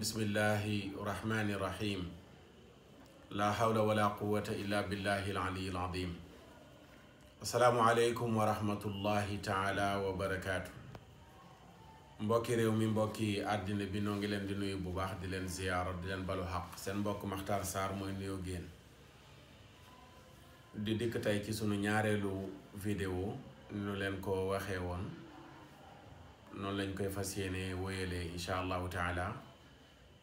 bismillahi rahmani rahim laa hawla wala quwata illa billahi alaliyi alazim asalaamu aleykum wa rahmatullahi taala wa barakaatu mbokki réew mi mbokki àddina bi noo ngi leen di nuyu bu baax di leen ziyaara di leen balu xaq seen mbokk Maxtaar Sarr mooy nuyoo génn di dikk tey ci sunu ñaareelu vidéo nu leen ko waxee woon noonu lañ koy fas yéene wéyalee incha allahu taala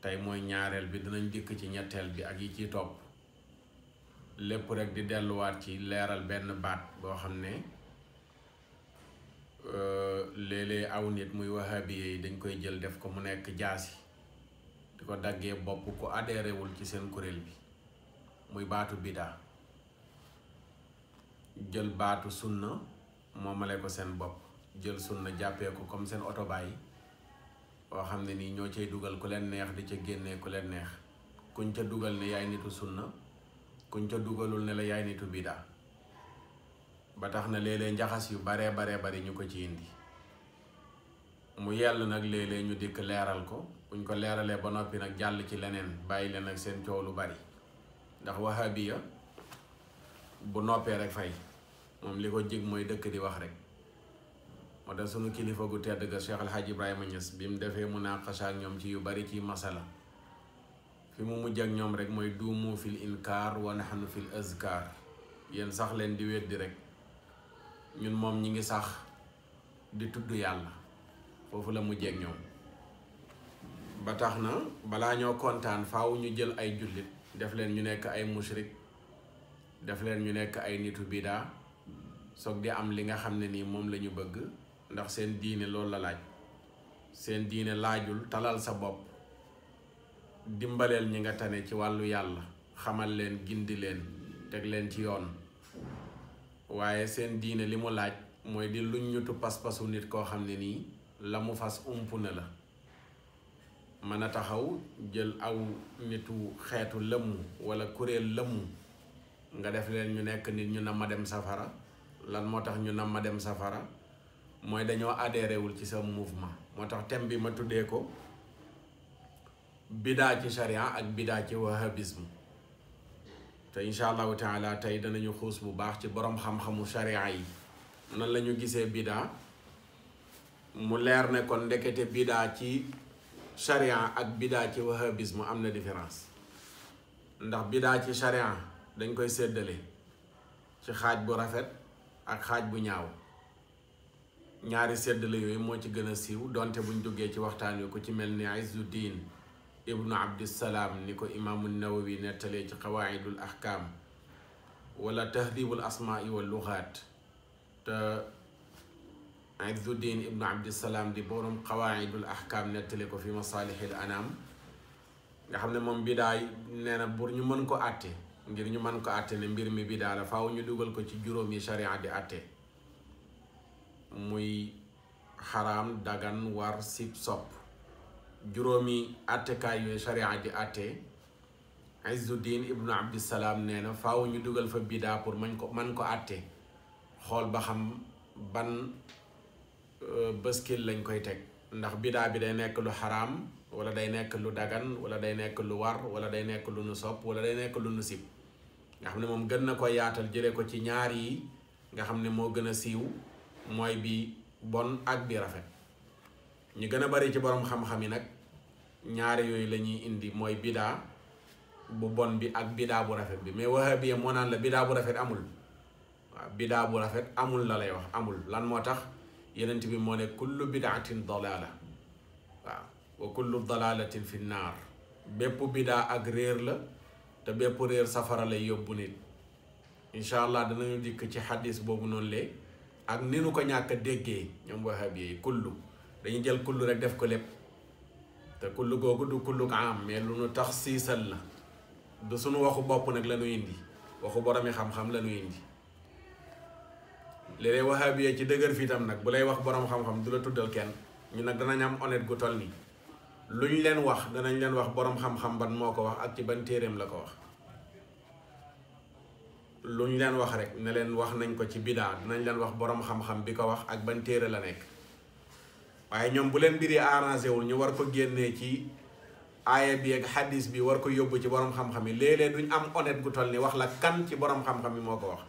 tey mooy ñaareel bi dinañ dikk ci ñetteel bi ak yi ciy topp lépp rek di delluwaat ci leeral benn baat boo xam ne euh, léeg-léeg aw nit muy wahabi yi dañ koy jël def ko mu nekk jaasi di ko daggee bopp ku adhéré wul ci seen kuréel bi muy baatu bida jël baatu sunna moomale ko seen bopp jël sunna jàppee ko comme seen oto bàyyi boo xam ne nii ñoo cay dugal ku leen neex di ca génnee ku leen neex kuñ ca dugal ne yaay nitu sunna kuñ ca dugalul ne la yaay nitu bida ba tax na léeg-léeg njaxas yu baree baree bari ñu ko ci indi mu yell nag léeg-léeg ñu dikk leeral ko buñ ko leeralee ba noppi nag jàll ci leneen bàyyi leen ak seen coow lu bari ndax wahabiya bu noppee rek fay moom li ko jig mooy dëkk di wax rek moo tax sunu kilifa gu tedd ga Cheikh Alhaji Ibrahima Niass bi mu defee munaqasha ak ñoom ci yu bari ci masala fi mu mujj ak ñoom rek mooy duumu fil inkaar wa nahnu fil azkar yéen sax leen di wér weddi rek ñun moom ñi ngi sax di tudd yàlla foofu la mujj ak ñoom ba tax na balaa ñoo kontaan faaw ñu jël ay jullit def leen ñu nekk ay mushrik def leen ñu nekk ay nitu bidaa soog di am li nga xam ne nii moom lañu bëgg ndax seen diine loolu la laaj seen diine laajul talal sa bopp dimbaleel ñi nga tane ci wàllu yàlla xamal leen gindi leen teg leen ci yoon waaye seen diine li mu laaj mooy di luñ ñutu pas-pasu nit koo xam ne nii la mu fas ump na la mën a taxaw jël aw nitu xeetu lëmm walla kuréel lëmm nga def leen ñu nekk nit ñu nama dem safara lan moo tax ñu nam ma dem safara mooy dañoo adhéré wul ci sa mouvement moo tax thème bi ma tuddee ko bidaa ci charia ak bidaa ci wahabisme te incha allahu taala tey danañu xuus bu baax ci borom xam-xamu charia yi nan la ñu gisee bidaa mu leer ne kon ndekete bidaa ci charia ak bidaa ci wahabisme am na différence ndax bidaa ci charia dañ koy séddale ci xaaj bu rafet ak xaaj bu ñaaw ñaari séddale yooyu moo ci gën a siiw donte buñ jógee ci waxtaan wi ko ci mel ni Izzuddin ibnu Abdissalaam ni ko imaamu Nawawi nettalee ci xawaayidul ahkaam wala tahdibul asmaai wal luxaat te Izzuddin ibnu Abdissalaam di borom xawaayidul ahkaam nettale ko fi masaalihil anaam nga xam ne moom bidaay nee na pour ñu mën ko àtte ngir ñu mën ko àtte ne mbir mi bidaa la faw ñu dugal ko ci juróomi yi sharia di àtte muy xaram dagan war sib sopp juróomi àttekaay yooyu sharia di àtte Izzuddin ibnu Abdissalaam nee na faaw ñu dugal fa bidaa pour mañ ko man ko àtte xool ba xam ban euh, bëskil lañ koy teg ndax bidaa bi day nekk lu xaraam wala day nekk lu dagan wala day nekk lu war wala day nekk lu nu sopp wala day nekk lu nu sib nga xam ne moom gën na ko yaatal jëlee ko ci ñaar yi nga xam ne moo gën a siiw mooy bi bon ak bi rafet ñu gën a bari ci boroom xam-xam yi nag ñaari yooyu la ñuy indi mooy bidaa bu bon bi ak bidaa bu rafet bi mais wahabi moo naan la bidaa bu rafet amul waaw bidaa bu rafet amul la lay wax amul lan moo tax yenent bi moo ne kullu bidaatin dalaala waaw wa kullu dalalatin fi naar bépp bidaa ak réer la te bépp réer safara lay yóbbu nit incha allah danañu dikk ci xadis boobu noonu léegi ak ni nu ko ñàkk a déggee ñoom wahhabi yi kullu dañuy jël kullu rek def ko lépp te kullu googu du kullu ko am mais lu nu tax siisal la du sunu waxu bopp nag la indi waxu boromi xam-xam la indi léeg-léeg wahhabi yi ci dëgër fii tam nag bu lay wax borom xam-xam du la tuddal kenn ñu nag danañ am honnête gu toll nii lu ñu leen wax danañ leen wax borom xam-xam ban moo ko wax ak ci ban téeréem la ko wax lu ñu leen wax rek ne leen wax nañ ko ci bidaa dinañ leen wax boroom xam-xam bi ko wax ak ban téere la nekk waaye ñoom bu leen mbir yi wul ñu war ko génnee ci aaya bi ak xadis bi war ko yóbbu ci borom xam-xam yi léeg-léeg duñ am honnête gu toll ni wax la kan ci borom xam-xam yi moo ko wax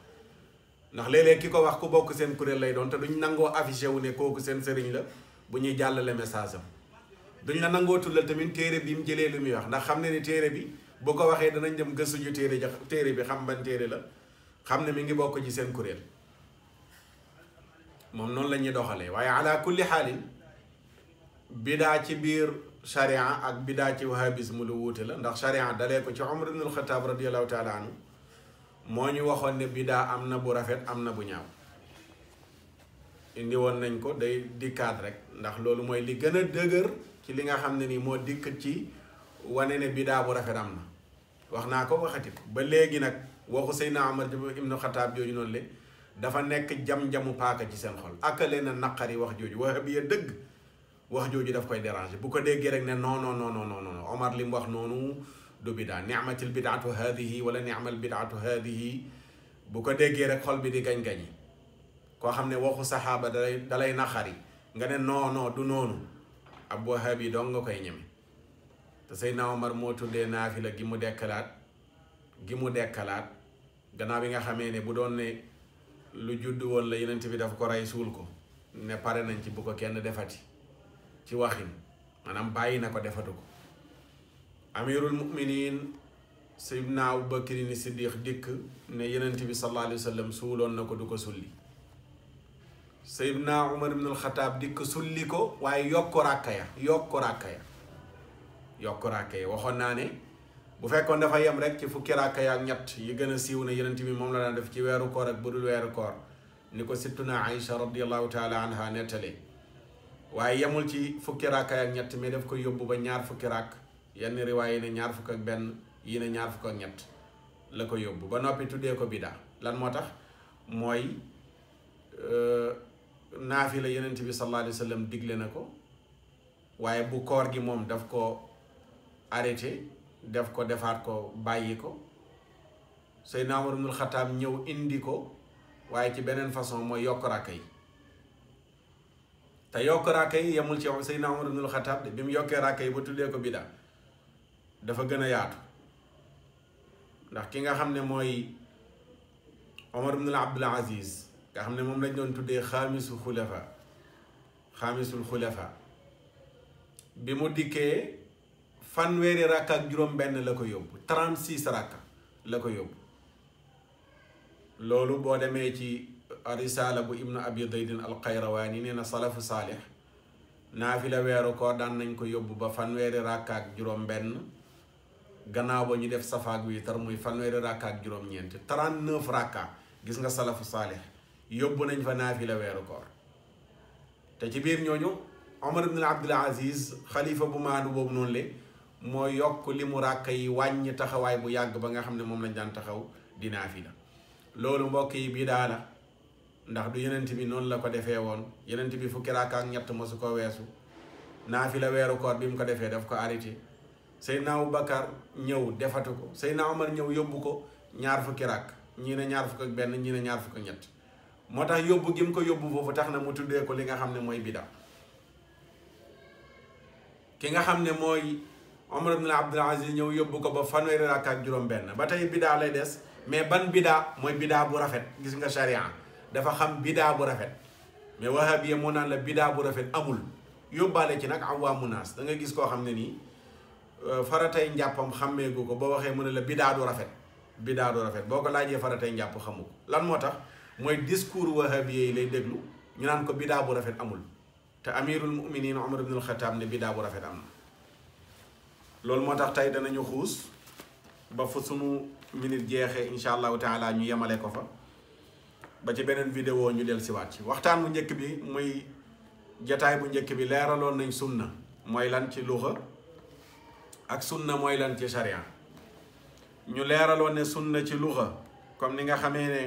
ndax léeg-léeg ki ko wax ku bokk seen kuréel lay doon te duñ nangoo affiché wu ne kooku seen sëriñ la bu ñuy jàllale message am duñ la nangoo tuddal tamit téere bi mu jëlee lu muy wax ndax xam ne téere bi bu ko waxee danañ dem gëstu ju téere ja téere bi xam ban téere la xam ne mi ngi bokk ci seen kuréel moom noonu lañuy doxalee waaye ala kulli xaalin bidaa ci biir sharia ak bidaa ci wahabisme lu wuute la ndax sharia dalee ko ci Umar ibn al-Khattab radiyallahu taala moo ñu waxoon ne bidaa am na bu rafet am na bu ñaaw indi woon nañ ko day dikkaat rek ndax loolu mooy li gën a dëgër ci li nga xam ne nii moo dikk ci wane ne bidaa bu rafet am na wax naa ko waxati ba léegi nag waxu Seydina Umar ibnu Xataab jooju noonu le dafa nekk jam-jamu paaka ci seen xol akale na naqari wax jooju wax bi ya dëgg wax jooju daf koy déranger bu ko déggee rek ne non non non wax noonu du bidaa ni'matil bidaatu haadihi wala ni'mal bidaatu haadihi bu ko déggee rek xol bi di gañ koo xam ne waxu saxaaba dalay dalay naqari nga ne non non du noonu ab wahaab yi dong nga koy ñeme te Seydina Omar moo tuddee naafila gi mu dekkalaat gi mu dekkalaat gannaaw bi nga xamee ne bu doon ne lu judd woon la yenent bi daf ko rey suul ko ne pare nañ ci bu ko kenn defati ci waxin maanaam bàyyi na ko defatu ko amirul muminin sayyidna Abu Bakri ni Siddiq dikk ne yenent bi sallallahu alayhi suuloon na ko du ko sulli sayyidna Umar ibnul Xataab dikk sulli ko waaye yokk ko ràkka ya yokk ràkka ya waxoon naa ne bu fekkoon dafa yem rek ci fukki raaka ak ñett yi gën a siiw ne yenent bi moom la daan def ci weeru koor ak budul weeru koor ni ko sittuna Aïcha radiallahu taala anha nettali waaye yemul ci fukki raaka ak ñett mais def ko yóbbu ba ñaar fukki raak yenn riwaay yi ne ñaar fukk ak benn yi ne ñaar fukk ak ñett la ko yóbbu ba noppi tuddee ko bida lan moo tax mooy euh, naafi la yenent bi sallallahu alayhi wa digle na ko waaye bu koor gi moom daf ko arrêté def ko defaat ko bàyyi ko Seydina Umar ibnul Xattaab ñëw indi ko waaye ci beneen façon mooy yokk ràkka yi te yokk ràkka yi yemul ci Seydina Umar ibnul Xattaab de bi mu yokkee ràkka yi ba tuddee ko bida dafa gën a yaatu ndax ki nga xam ne mooy Omar ibnul Abdul Aziz nga xam ne moom lañ doon tuddee xaamisu xulafa xaamisul xulafa bi mu dikkee fanweeri rakk ak juróom-benn la ko yóbbu 36 rakk la ko yóbbu loolu boo demee ci risaala bu ibnu abi zaydin alxayrawaani nee na salafu saalix naafila weeru koor daan nañ ko yóbbu ba fanweeri rakk ak juróom-benn gannaaw ba ñu def safaak wiitar muy fanweeri rakk ak juróom-ñeent 39 rakka gis nga salafu saalix yóbbu nañ fa naafila weeru koor te ci biir ñooñu Omar ibn Abdul Aziz xalifa bu maandu boobu noonu le moo yokk li mu ràkk yi wàññi taxawaay bu yàgg ba nga xam ne moom lañ daan taxaw dinaa fi loolu mbokk yi bii daa la ndax du yenent bi noonu la ko defee woon yenent bi fukki ràkk ak ñett mosu ko weesu naa fi la weeru koor bi mu ko defee daf ko arrêté Seydina Abubakar ñëw defatu ko Seydina Omar ñëw yóbbu ko ñaar fukki ràkk ñii ne ñaar fukk ak benn ñii ne ñaar fukk ak ñett moo tax yóbbu gi mu ko yóbbu foofu tax na mu tuddee ko li nga xam ne mooy bida nga xam ne mooy Omar ibn Abdul Aziz ñëw yóbbu ko ba fanweeri rakka ak juróom-benn ba tey bidaa lay des mais ban bidaa mooy bidaa bu rafet gis nga charia dafa xam bidaa bu rafet mais wahabiya moo naan la bidaa bu rafet amul yóbbaale ci nag awaamu naas da nga gis koo xam ne nii euh, faratay njàppam xàmmeegu ko boo waxee mu ne la bidaa du rafet bidaa du rafet boo ko laajee faratay njàpp xamu lan moo tax mooy discours wahabiya yi lay déglu ñu naan ko bidaa bu rafet amul te amirul muminin Omar ibn al Xataab ne bidaa bu rafet am na. loolu moo tax tey danañu xuus ba fa sunu minute jeexee incha allahu taala ñu yemale ko fa ba ci beneen vidéo ñu del siwaat ci waxtaan bu njëkk bi muy jataay bu njëkk bi leeraloon nañ sunna mooy lan ci luxa ak sunna mooy lan ci sharia ñu leeraloon ne sunna ci luxa comme ni nga xamee ne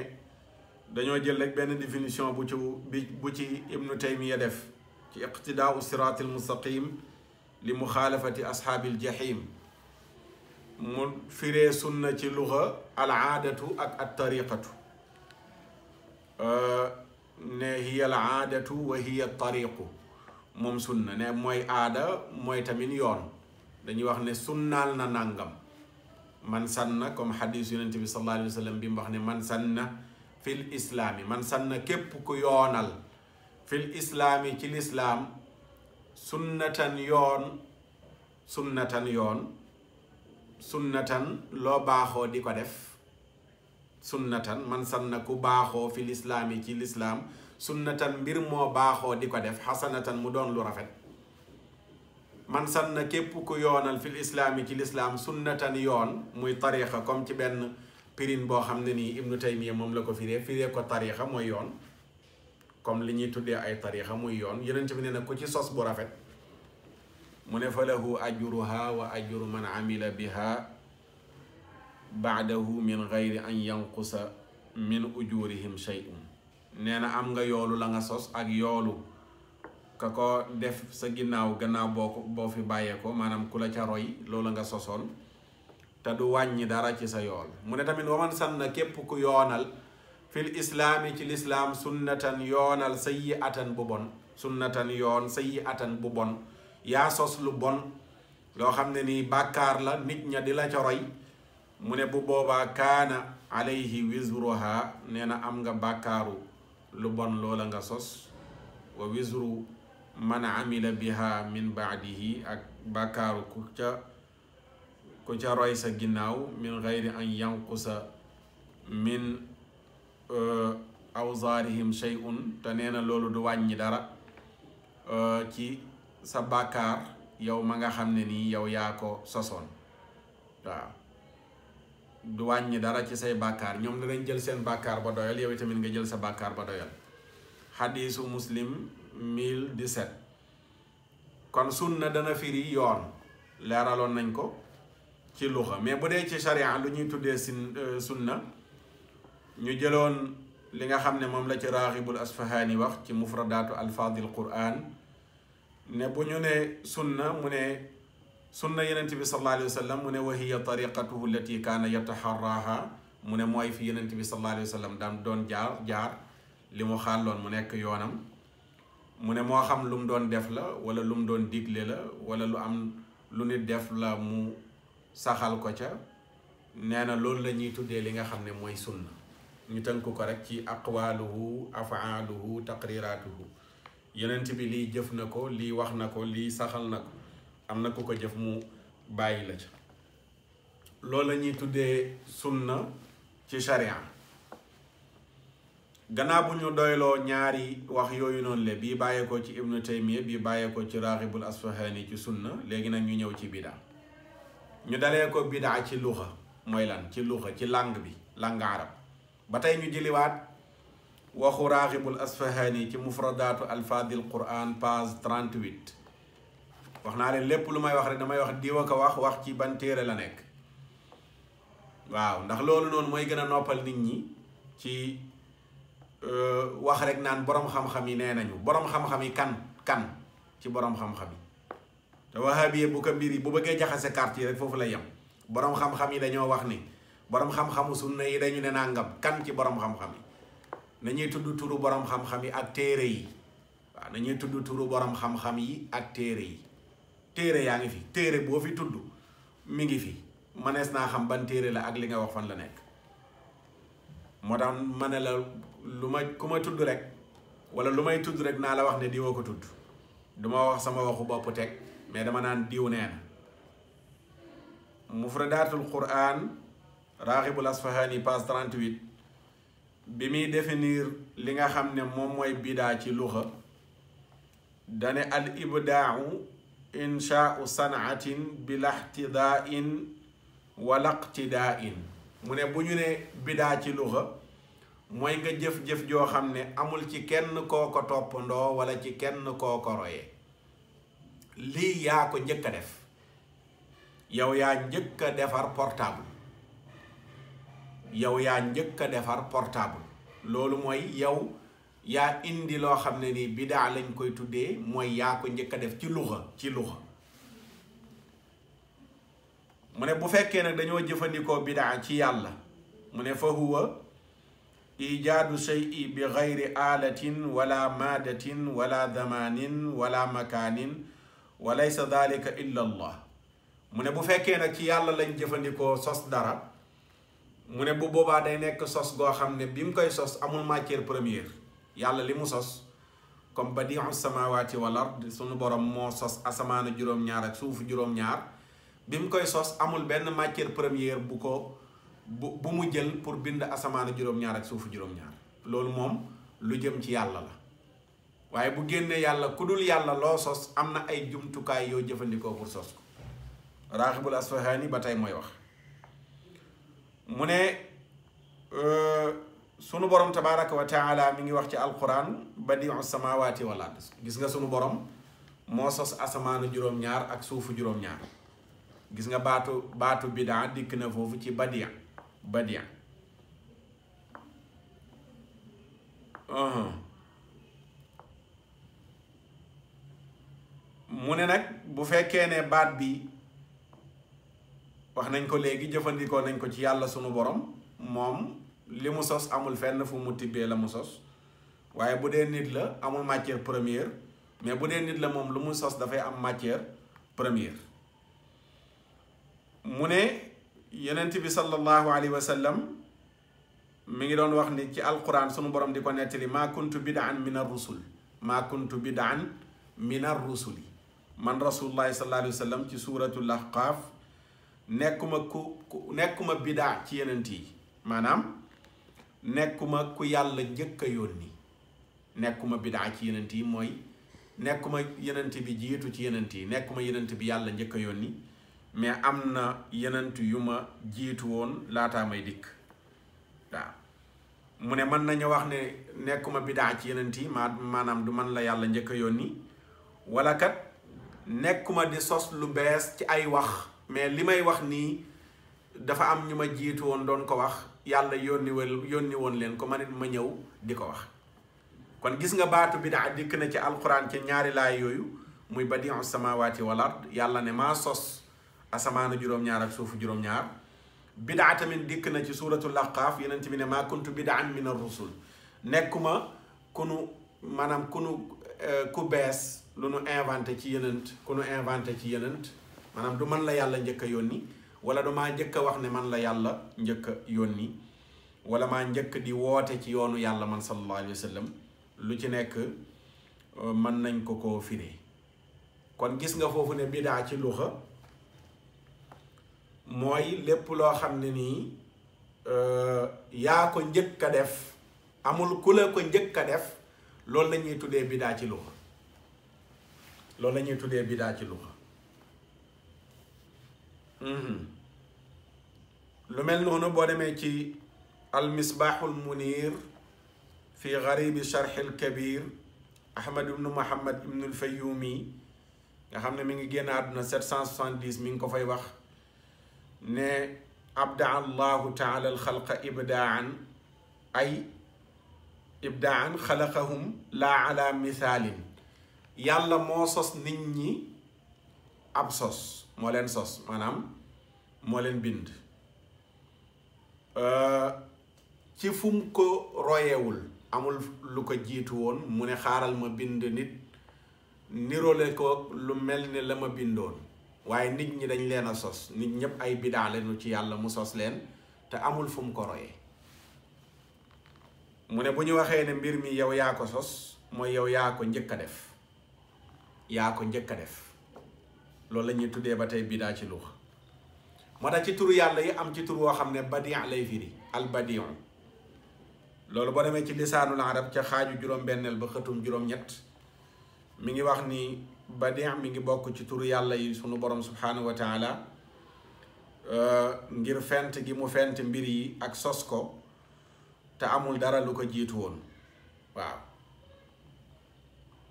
dañoo jël rek benn définition bu ci bi bu ci ibnu taymiya def ci iqtidaa u siraatil mustaqim li muxaalafati ashaabil jahim mu firee sunna ci luxa al aadatu ak at tariqatu euh, ne hiya al aadatu wa hiya tariqu moom sunna ne moy aada mooy tamit yoon dañuy wax ne sunnaal na nangam man sanna comme xadis yonente bi sallallahu alayhi wa bi wax ne man sanna fil islaami man sanna képp ku yoonal fil islaami ci lislaam sunnatan yoon sunnatan yoon sunnatan loo baaxoo di ko def sunnatan man na ku baaxoo fi lislaami ci lislaam sunnatan mbir moo baaxoo di ko def xasanatan mu doon lu rafet man na képp ku yoonal fi lislaami ci lislaam sunnatan yoon muy tariixa comme ci benn pirin boo xam ne nii ibnu taymiya moom la ko firee firee ko tariixa mooy yoon comme li ñuy tuddee ay tarixa muy yoon yonent bi nee na ku ci sos bu rafet mu ne fa lahu ajruha wa ajru man amila biha baadahu min gayri an yanqusa min ujurihim shay'un nee na am nga yoolu la nga sos ak yoolu ka ko def sa ginnaaw gannaaw boo boo fi bàyyee maanaam ku la ca roy loola nga sosoon te du wàññi dara ci sa yool mu ne tamit waman san képp ku yoonal fil islaami ci lislaam sunnatan yoonal sayyi atan bu sunnatan yoon sayyi atan bu bon yaa sos lu bon loo xam ne nii bàkkaar la nit ña di la ca roy mu ne bu boobaa kaana alayhi wisruha nee na am nga bàkkaaru lu bon loola nga sos wa wisru man amila biha min baadihi ak bàkkaaru ku ca ku ca roy sa ginnaaw min gayri an yanqusa min aw zaarihim shay'un te nee na loolu du wàññi dara ci sa bàkkaar yow ma nga xam ne nii yow yaa ko sosoon waaw du wàññi dara ci say bàkkaar ñoom danañ jël seen bàkkaar ba doyal yow tamit nga jël sa bàkkaar ba doyal xadiisu muslim 1017 kon sunna dana firi yoon leeraloon nañ ko ci luxa mais bu dee ci sharia lu ñuy tuddee sin sunna ñu jëloon li nga xam ne moom la ci raaxibul asfahaani wax ci mufradaatu alfaadil quraan ne bu ñu ne sunna mu ne sunna yenent bi sallallahu alayhi wa sallam mu ne wa hiya tariqatuhu allati kaana yataharraha mu ne mooy fi yenent bi sallallahu alayhi wa sallam daan doon jaar jaar li mu xàlloon mu nekk yoonam mu ne moo xam lu doon def la wala lu doon digle la wala lu am lu nit def la mu saxal ko ca nee na loolu la ñuy tuddee li nga xam ne mooy sunna ñu tënk ko rek ci aqwaaluhu afaaluhu taqriraatuhu yenent bi lii jëf na ko lii wax na ko lii saxal na ko am na ku ko jëf mu bàyyi la ca loolu la ñuy tuddee sunna ci sharia gannaaw bu ñu doyloo ñaari wax yooyu noonu le bii bàyyeekoo ci ibnu taymiya bii bàyyeekoo ci raaxibul asfahani ci sunna léegi nag ñu ñëw ci bidaa ñu dalee ko bidaa ci luxa mooy ci luxa ci langue bi langue arab ba tey ñu jëliwaat waxu raaxibul asfahani ci mufradaatu alfaadil quran page 38 wax naa leen lépp lu may wax rek damay wax diwa ko wax wax ci ban téere la nekk waaw ndax loolu noonu mooy gën a noppal nit ñi ci euh, wax rek naan borom xam-xam yi nee nañu boroom xam-xam yi kan kan ci borom xam-xam yi te wahabiye bu ko mbir yi bu bëggee jaxase carte yi rek foofu la yem borom xam-xam yi dañoo wax ni borom xam-xamu sunna yi dañu ne nangam kan ci borom xam-xam yi nañuy tudd turu boroom xam-xam yi ak téere yi waaw tudd turu borom xam yi ak téere yi téere yaa ngi fi téere boo fi tudd mi ngi fi mënees naa xam ban téere la ak li nga wax fan la nekk moo tax ma ne la lu ma ku ma tudd rek walla lu may tudd rek naa la wax ne diwa ko tudd du ma wax sama waxu bopp teg mais dama naan diw neen na mufradatul quran Raaxibul Asfahani page 38 bi muy définir li nga xam ne moom mooy bidaa ci luxa dane al ibdaau inchaau sanaatin bilaxtidaain walaqtidaain mu ne bu ñu ne bidaa ci luxa mooy nga jëf-jëf joo xam ne amul ci kenn koo ko toppandoo wala ci kenn koo ko royee lii yaa ko njëkk def yow yaa njëkk defar portable yow yaa njëkk a defar portable loolu mooy yow yaa indi loo xam ne nii bidaa lañ koy tuddee mooy yaa ko njëkk a def ci luxa ci luxa mu ne bu fekkee nag dañoo jëfandikoo bidaa ci yàlla mu ne fa huwa ijaadu shay'i bi gayri aalatin wala maadatin wala zamanin wala makaanin wa laysa dalika illa allah mu ne bu fekkee nag ci yàlla lañ jëfandikoo sos dara mu ne bu boobaa day nekk sos goo xam ne bi mu koy sos amul matière première yàlla li mu sos comme ba di badiu samawaati wal ard suñu borom moo sos asamaana juróom-ñaar ak suufu juróom-ñaar bi mu koy sos amul benn matière première bu ko bu mu jël pour bind asamaana juróom-ñaar ak loolu moom lu jëm ci yàlla la waaye bu génnee yàlla ku dul yàlla loo sos am na ay jumtukaay yoo jëfandikoo pour sos ko raaxibul nii ba tey mooy wax mu ne euh, sunu borom tabaraka wa taala mi ngi wax ci alquran badiu samawati wal ard gis nga sunu borom moo sos asamaanu juróom-ñaar ak suufu juróom-ñaar gis nga baatu baatu bidaa dikk na foofu ci badia badia uh-huh. mu ne nag bu fekkee ne baat bi wax nañ ko léegi jëfandikoo nañ ko ci yàlla sunu borom moom li mu sos amul fenn fu mu tibbee la mu sos waaye bu dee nit la amul matier premier mais bu dee nit la moom lu mu sos dafay am matière premier mu ne yonent bi sallallahu alayhi wa sallam mi ngi doon wax ni ci alquran sunu borom di ko nettali maa kuntu bidaan min ar rusul maa kuntu bidaan min ar rusuli man rasulullahi sallallahu alayhi wa sallam ci suratul ahqaaf nekkuma ku ku nekkuma bidaa ci yenent yi maanaam nekkuma ku yàlla njëkk yoon yónni nekkuma bidaa ci yenent yi mooy nekkuma yenent bi jiitu ci yenent yi nekkuma yenent bi yàlla njëkk yoon yónni mais am na yenent yu ma jiitu woon laataa may dikk waaw mu ne mën nañu wax ne nekkuma bidaa ci yenent yi maa maanaam du man la yàlla njëkk yoon yónni wala kat nekkuma di sos lu bees ci ay wax mais li may wax nii dafa am ñu ma jiitu woon doon ko wax yàlla yónni woon yónni woon leen ko ma nit ma ñëw di ko wax kon gis nga baatu bidaa dikk na ci alquran ci ñaari laay yooyu muy badiu samawati wal ard yàlla ne ma sos asamaana juróom-ñaar ak suufu juróom-ñaar bidaa tamit dikk na ci suratul laqaaf yeneen bi ne maa kuntu bidaan min ar-rusul nekkuma kunu maanaam kunu eh, ku bees lu nu inventé ci yenent ku nu ci yenent maanaam du man la yàlla njëkk a yónni wala du maa njëkk a wax ne man la yàlla njëkk a yónni wala maa njëkk di woote ci yoonu yàlla man sallallahu alayhi wa lu ci nekk euh, mën nañ ko koo firee kon gis nga foofu ne bidaa ci luxa mooy lépp loo xam ne nii euh, yaa ko njëkk def amul ku la ko njëkk a def loolu la ñuy tuddee bidaa ci loolu la ñuy tuddee bidaa ci luxa Mhm. lu mel noonu boo demee ci almisbaaxul munir fi garibi charxil kabir ahmad ibnu muhammad ibnul fayumi nga xam ne mi ngi génn àdduna 770 mi ngi ko fay wax ne abdaa allahu taala alxalqa ibdaan ay ibdaan xalaqahum laa ala misaalin yàlla moo sos nit ñi ab sos moo leen sos maanaam moo leen bind ci fu mu ko royewul amul lu ko jiitu woon mu ne xaaral ma bind nit niroole ko lu mel ni la ma bindoon waaye nit ñi dañ leen a sos nit ñëpp ay bidaa leenu ci yàlla mu sos leen te amul fu mu ko royee mu ne bu ñu waxee ne mbir mi yow yaa ko sos mooy yow yaa ko njëkk a def yaa ko njëkk a def loolu la ñuy tuddee ba tey bidaa ci luux moo tax ci turu yàlla yi am ci tur woo xam ne badin lay firi al loolu boo demee ci lisaanul arab ca xaaju juróom-benneel ba xëtum juróom-ñett mi ngi wax ni badin mi ngi bokk ci tur yàlla yi sunu borom subhanahu wa taala euh, ngir fent gi mu fent mbir yi ak sos ko te amul dara lu ko jiitu woon waaw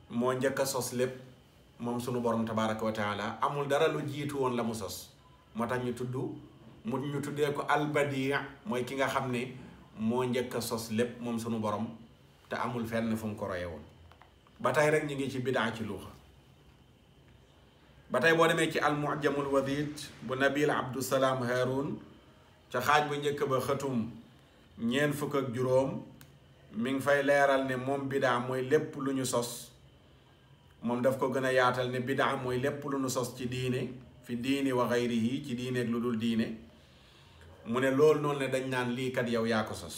moo njëkk a sos lépp moom sunu borom tabaraka wa taala amul dara lu jiitu woon la mu sos moo tax ñu tudd mu ñu tuddee ko albadi mooy ki nga xam ne moo njëkk a sos lépp moom sunu borom te amul fenn fu ko roye woon ba tey rek ñu ngi ci bidaa ci luuxa ba tey boo demee ci almujamul wadid bu nabil abdusalaam haroun ca xaaj bu njëkk ba xëtum ñeent fukk ak juróom mi ngi fay leeral ne moom bidaa mooy lépp lu ñu sos moom daf ko gën a yaatal ne bidaa mooy lépp lu nu sos ci diine fi diini wa xayrihi ci diineeg lu dul diine mu ne loolu noonu ne dañ naan lii kat yow yaa ko sos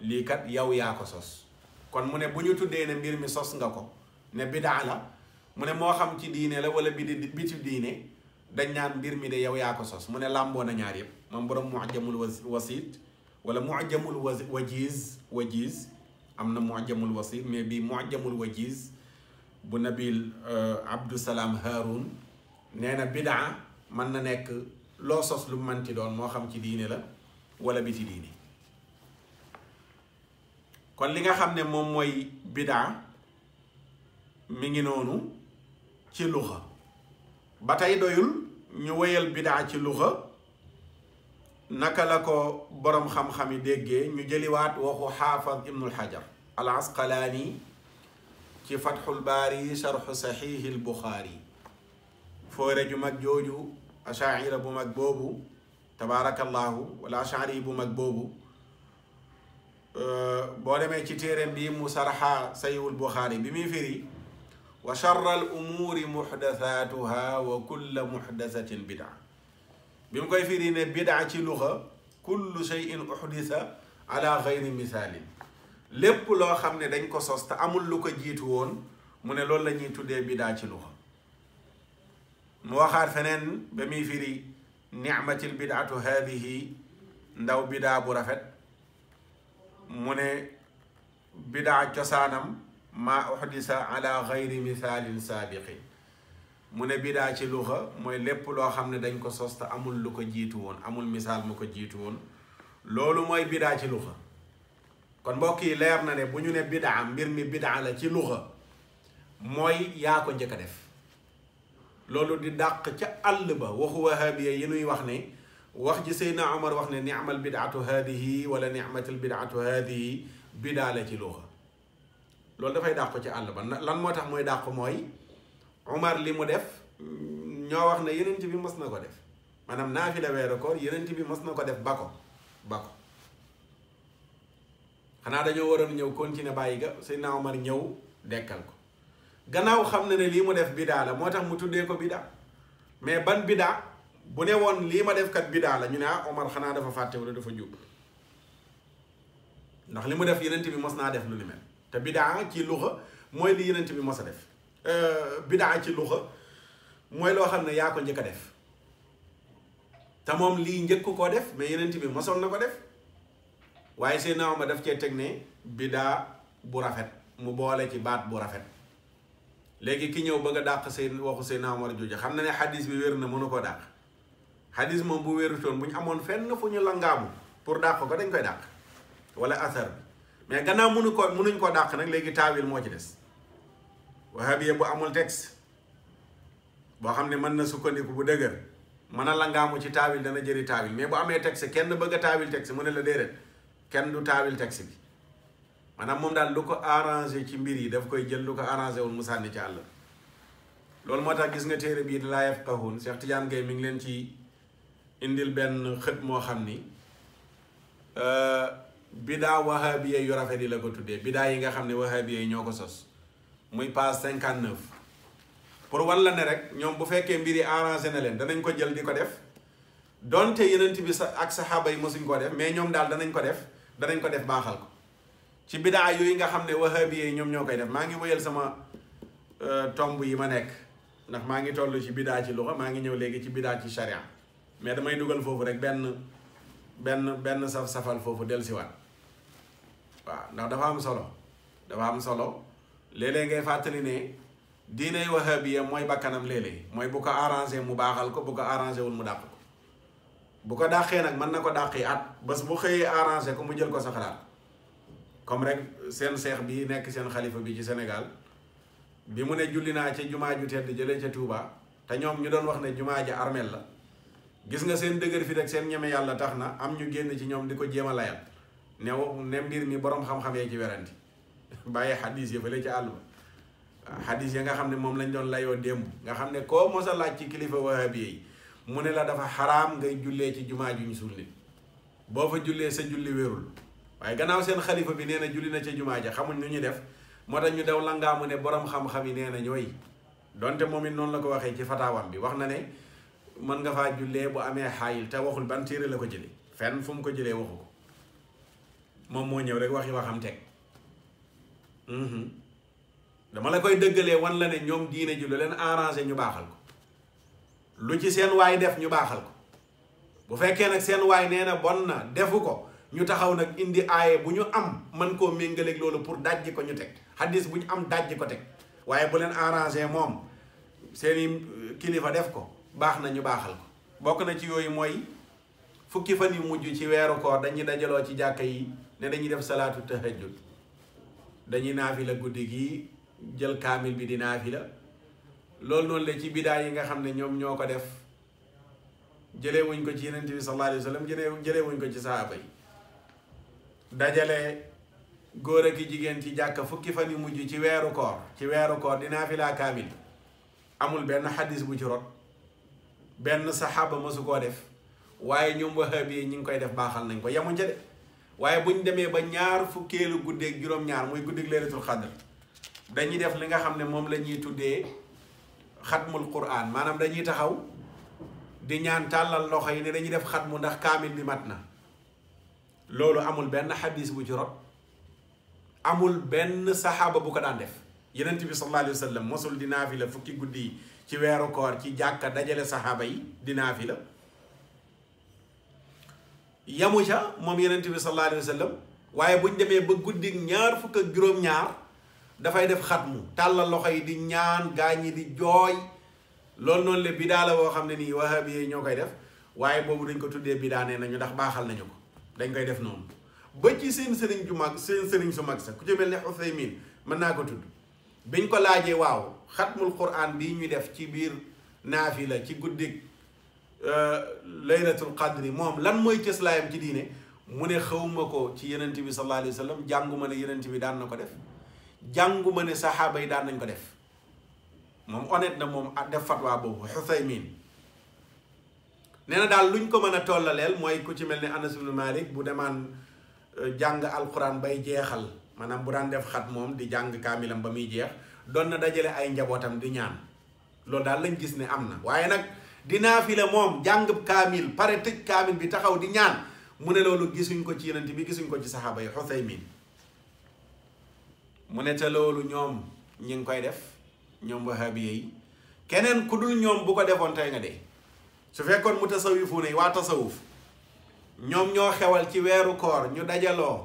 lii kat yow yaa ko sos kon mu ne bu ñu tuddee ne mbir mi sos nga ko ne bidaa la mu ne moo xam ci diine la wala bi di bi diine dañ naan mbir mi de yow yaa ko sos mu ne làmboo na ñaar yëpp moom borom mu'jamul wasiit wala mu'jamul wa wajiz am na mojamul wasir mais bi mojamul wajiz bu nabil euh, abdou salaam haroun nee na bidaa mën na nekk loo sos lu manti doon moo xam ci diine la wala biti diine kon li nga xam ne moom mooy bidaa mu ngi noonu ci luxa ba tey doyul ñu wéyal bidaa ci luxa naka la ko boroom xam-xam yi déggee ñu jëliwaat waxu xaafad ibnul xajar al asqalaani ci fatxul baari sharxu saxiixi al buxaari foore ju mag jooju ashaira bu mag boobu tabaarakallaahu wala ashaari bu mag boobu euh, boo demee ci téeréem bi mu sarxa saywul buxaari bi muy firi wa charra al umuuri muxdasaatuha wa kulla muxdasatin bidaa bi mu koy firi ne bidaa ci luxa kullu shay'in uhditha ala ghayri misaalin lépp loo xam ne dañ ko sos te amul lu ko jiitu woon mu ne loolu la ñuy tuddee bidaa ci luxa mu waxaat feneen ba muy firi nicmatil bidaatu haadihi ndaw bidaa bu rafet mu ne bidaa cosaanam maa uhdisa ala ghayri misaalin saabiqin mu ne bidaa ci luxa mooy lépp loo xam ne dañ ko sos te amul lu ko jiitu woon amul misaal mu ko jiitu woon loolu mooy bidaa ci luxa kon mbokk yi leer na ne bu ñu ne bidaa mbir mi bidaa la ci luxa mooy yaa ko njëkk a def loolu di dàq ca àll ba waxu wahaabiya yi nuy wax ne wax ji Seydina Omar wax ne ni'mal bidaatu haadihi wala ni'matil bidaatu haadihi bidaa la ci luxa loolu dafay dàq ci àll ba lan moo tax mooy dàq mooy Umar li mu def mm, ñoo wax ne yenent bi mos na ko def maanaam naafila weeru koor yenent bi mos na ko def ba ko ba ko xanaa dañoo waroon ñëw continuer bàyyi ga Seydina Omar ñëw dekkal ko gannaaw xam ne ne lii mu def bidaa la moo tax mu tuddee ko bidaa mais ban bidaa bu ne woon lii ma def kat bidaa la ñu ne ah Omar xanaa dafa fàtte wala dafa jub ndax li mu def yenent bi mos naa def lu ni mel te bidaa ci luxa mooy li yenent bi mos a def Euh, bidaa ci luxa mooy loo xam ne yaa ko njëkk def te moom lii njëkk koo def mais yeneen bi mosoon na ko def waaye seen naaw ma daf cee teg ne bidaa bu rafet mu boole ci baat bu rafet léegi ki ñëw bëgg a dàq seen waxu seen naaw ma jooju xam na ne xadis bi wér na mënu koo dàq xadis moom bu wérutoon bu ñu amoon fenn fu ñu langaamu pour dàq ko dañ koy dàq wala asar bi mais gannaaw mënu ko mënuñ koo dàq nag léegi taawil moo ci des. wahabiya bu amul texte boo xam ne mën na sukkandiku bu dëgër mën a langaamu ci taawil dana jëri taawil mais bu amee si kenn bëgg a taawil texte mu ne la déedéet kenn du taawil texte bi maanaam moom daal lu ko arrangé ci mbir yi daf koy jël lu ko arrangé wul mu sànni ci àll loolu moo tax gis nga téere bii di laa yafqahuun Cheikh Tidiane Gueye mi ngi leen ci indil benn xët moo xam ni euh, bidaa wahabiya yu rafet yi la ko tuddee bidaa yi nga xam ne wahabiya ñoo ko sos muy page cinquante neuf pour walla ne rek ñoom bu fekkee mbir yi arrangé na leen danañ ko jël di ko def donte yenent bi sa ak saxaaba yi mosuñ koo def mais ñoom daal danañ ko def danañ ko def baaxal ko ci bidaa yooyu nga xam ne wahabi yi ñoom ñoo koy def maa ngi wëyal sama euh, tomb yi ma nekk ndax maa ngi toll ci bidaa ci luxa maa ngi ñëw léegi ci bidaa ci charia mais damay dugal foofu rek benn benn benn saf-safal foofu dellusiwaat waaw ndax dafa am solo dafa am solo léeg ngay fàttali ne diinay wahabiya mooy bakkanam léeg-léeg mooy bu ko arrangé mu baaxal ko bu ko arrangé wul mu dàq ko bu ko dàqee nag mën na ko dàqi at bés bu xëyee arrangé ko mu jël ko sa xalaat comme rek seen seex bi nekk seen xalifa bi ci Sénégal bi mu ne julli naa ci jumaa ju tedd jëlee ca Touba te ñoom ñu doon wax ne jumaa ja armeel la gis nga seen dëgër fii rek seen ñeme yàlla tax na am ñu génn ci ñoom di ko jéem a layal ne ne mbir mi boroom xam-xam yee ci weranti bàyyi xadis yi fële ci àll ba xadis yi nga xam ne moom lañ doon layoo démb nga xam ne koo mos laaj ci kilifa wahabi yi mu ne la dafa xaraam ngay jullee ci jumaa juñ ñu nit boo fa jullee sa julli wérul waaye gannaaw seen xalifa bi nee na julli na ca jumaa ja xamuñ nu ñuy def moo tax ñu daw langaamu ne borom xam-xam yi nee na ñooy donte moom it noonu la ko waxee ci fataawam bi wax na ne mën nga faa jullee bu amee xaayil te waxul ban téere la ko jëlee fenn fu mu ko jëlee waxu moom moo ñëw rek waxi waxam teg Mm-hmm. dama la koy dëggalee wan la ne ñoom diine ji lu leen arrangé ñu baaxal ko lu ci seen waay def ñu baaxal ko bu fekkee nag seen waay nee na bon na defu ko ñu taxaw nag indi aaye bu ñu am mën koo méngaleeg loolu pour dajji ko ñu teg xaddis bu ñu am dajji ko teg waaye bu leen arrangé moom seeni uh, kilifa def ko baax na ñu baaxal ko bokk na ci yooyu mooy fukki fan yu mujj ci weeru koor dañuy dajaloo ci jàkka yi ne dañuy def salaatu tahajjud dañuy naafila guddi gi jël kaamil bi di naafila loolu noonu la ci bidaa yi nga xam ne ñoom ñoo ko def jële wuñ ko ci yeneen bi sallallahu alayhi wa wuñ ko ci saaba yi dajale góor ak jigéen ci jàkka fukki fan yu mujj ci weeru koor ci weeru koor di naafila kaamil amul benn xadis bu ci rot benn saxaaba mësu koo def waaye ñoom wahabi yi ñi ngi koy def baaxal nañ ko yemuñ ca de waaye bu ñu demee ba ñaar fukkeelu guddeeg juróom-ñaar muy guddeeg leeratul xadr dañuy def li nga xam ne moom la ñuy tuddee xatmul quraan maanaam dañuy taxaw di ñaan tàllal loxo yi ne dañuy def xatmu ndax kaamil bi mat na loolu amul benn xadis bu ci amul benn saxaaba bu ko daan def yeneen bi sallallahu alayhi wa mosul dinaa fi la fukki guddi ci weeru koor ci jàkka dajale saxaaba yi dinaa fi la yamu ca moom yeneen bi sallallahu alayhi waaye bu ñu demee ba guddi ñaar fukk ak juróom-ñaar dafay def xat mu tàllal loxo yi di ñaan gaañ yi di jooy loolu noon la bidaa la boo xam ne nii wahabi yi ñoo koy def waaye boobu dañ ko tuddee bidaa nee nañu ndax baaxal nañu ko dañ koy def noonu ba ci seen sëriñ ju mag seen sëriñ su mag sax ku ci mel ne Uthaymin mën naa ko tudd biñ ko laajee waaw xatmul quran bii ñuy def ci biir naafila ci guddig Euh, laylatul qadri moom lan mooy cëslaayam ci diine mu ne xawma ko ci yenent bi sallallahu jànguma ne yenent bi daan na ko def jànguma ne saxaaba yi daan nañ ko def moom honnête na moom def fatwa boobu Xusaymin nee na daal luñ ko mën a tollaleel mooy ku ci mel ne Anas ibn Malik bu demaan euh, jàng alquran bay jeexal maanaam bu daan def xat moom di jàng kaamilam ba muy jeex doon na dajale ay njabootam di ñaan loolu daal lañ gis ne am na waaye nag di naafila moom jàng kaamil pare tëj kaamil bi taxaw di ñaan mu ne loolu gisuñ ko ci yonent bi gisuñ ko ci saxaaba yi Xusaymin mu ne te loolu ñoom ñi ngi koy def ñoom wahabiye yi keneen ku dul ñoom bu ko defoon tey nga de su fekkoon mu tasawifu ne waa tasawuf ñoom ñoo xewal ci weeru koor ñu dajaloo